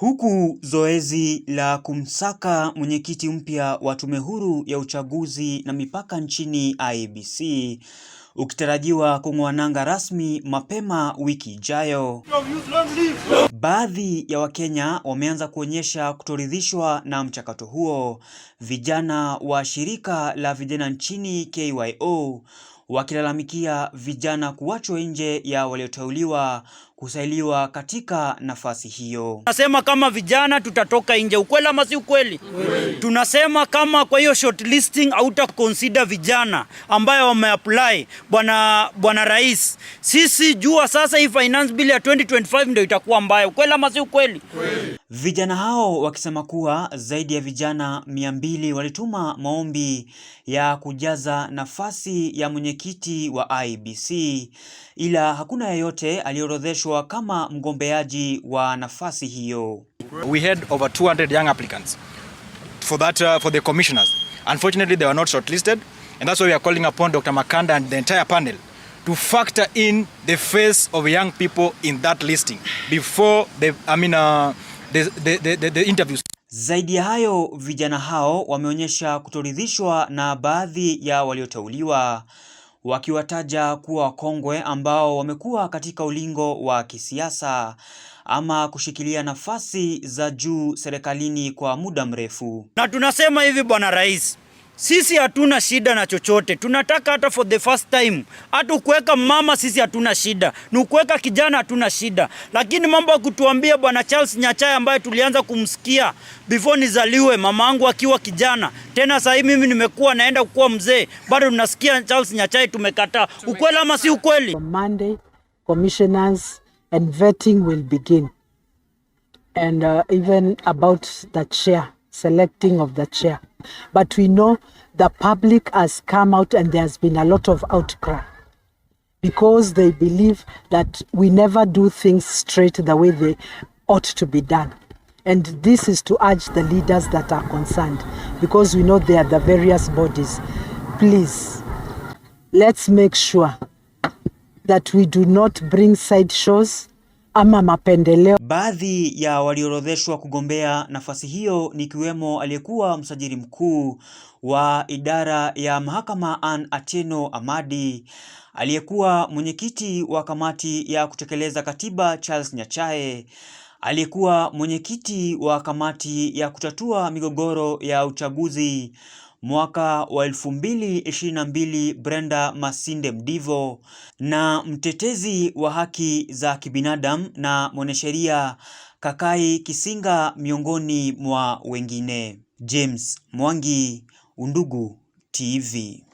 Huku zoezi la kumsaka mwenyekiti mpya wa tume huru ya uchaguzi na mipaka nchini IEBC ukitarajiwa kung'oa nanga rasmi mapema wiki ijayo. Baadhi ya Wakenya wameanza kuonyesha kutoridhishwa na mchakato huo, vijana wa shirika la vijana nchini KYO wakilalamikia vijana kuachwa nje ya walioteuliwa kusailiwa katika nafasi hiyo. Nasema kama vijana tutatoka nje, ukweli ama si ukweli? Tunasema kama kwa hiyo shortlisting auta consider vijana ambayo wameapply. Bwana bwana rais, sisi jua sasa hii finance bill ya 2025 ndio itakuwa mbaya, ukweli ama si ukweli? Vijana hao wakisema kuwa zaidi ya vijana 200 walituma maombi ya kujaza nafasi ya mwenye mwenyekiti wa IEBC, ila hakuna yeyote aliorodheshwa kama mgombeaji wa nafasi hiyo. We had over 200 young applicants for that, uh, for the commissioners. Unfortunately, they were not shortlisted and that's why we are calling upon Dr. Makanda and the entire panel to factor in the face of young people in that listing before the, I mean, uh, the, the, the, the, the interviews. Zaidi ya hayo, vijana hao wameonyesha kutoridhishwa na baadhi ya walioteuliwa wakiwataja kuwa wakongwe ambao wamekuwa katika ulingo wa kisiasa ama kushikilia nafasi za juu serikalini kwa muda mrefu. Na tunasema hivi, Bwana Rais, sisi hatuna shida na chochote, tunataka hata for the first time, hata ukuweka mama, sisi hatuna shida, ni ukuweka kijana, hatuna shida. Lakini mambo ya kutuambia bwana Charles Nyachae ambaye tulianza kumsikia before nizaliwe, mama yangu akiwa kijana, tena sasa hivi mimi nimekuwa naenda kuwa mzee, bado tunasikia Charles Nyachae, tumekataa. Ukweli ama si ukweli? Monday commissioners and vetting will begin and uh, even about that share selecting of the chair. But we know the public has come out and there has been a lot of outcry because they believe that we never do things straight the way they ought to be done. And this is to urge the leaders that are concerned because we know they are the various bodies. Please, let's make sure that we do not bring side shows ama mapendeleo. Baadhi ya walioorodheshwa kugombea nafasi hiyo ni kiwemo aliyekuwa msajili mkuu wa idara ya mahakama Ann Atieno Amadi, aliyekuwa mwenyekiti wa kamati ya kutekeleza katiba Charles Nyachae, aliyekuwa mwenyekiti wa kamati ya kutatua migogoro ya uchaguzi Mwaka wa 2022 Brenda Masinde Mdivo na mtetezi wa haki za kibinadamu na mwanasheria Kakai Kisinga miongoni mwa wengine. James Mwangi, Undugu TV.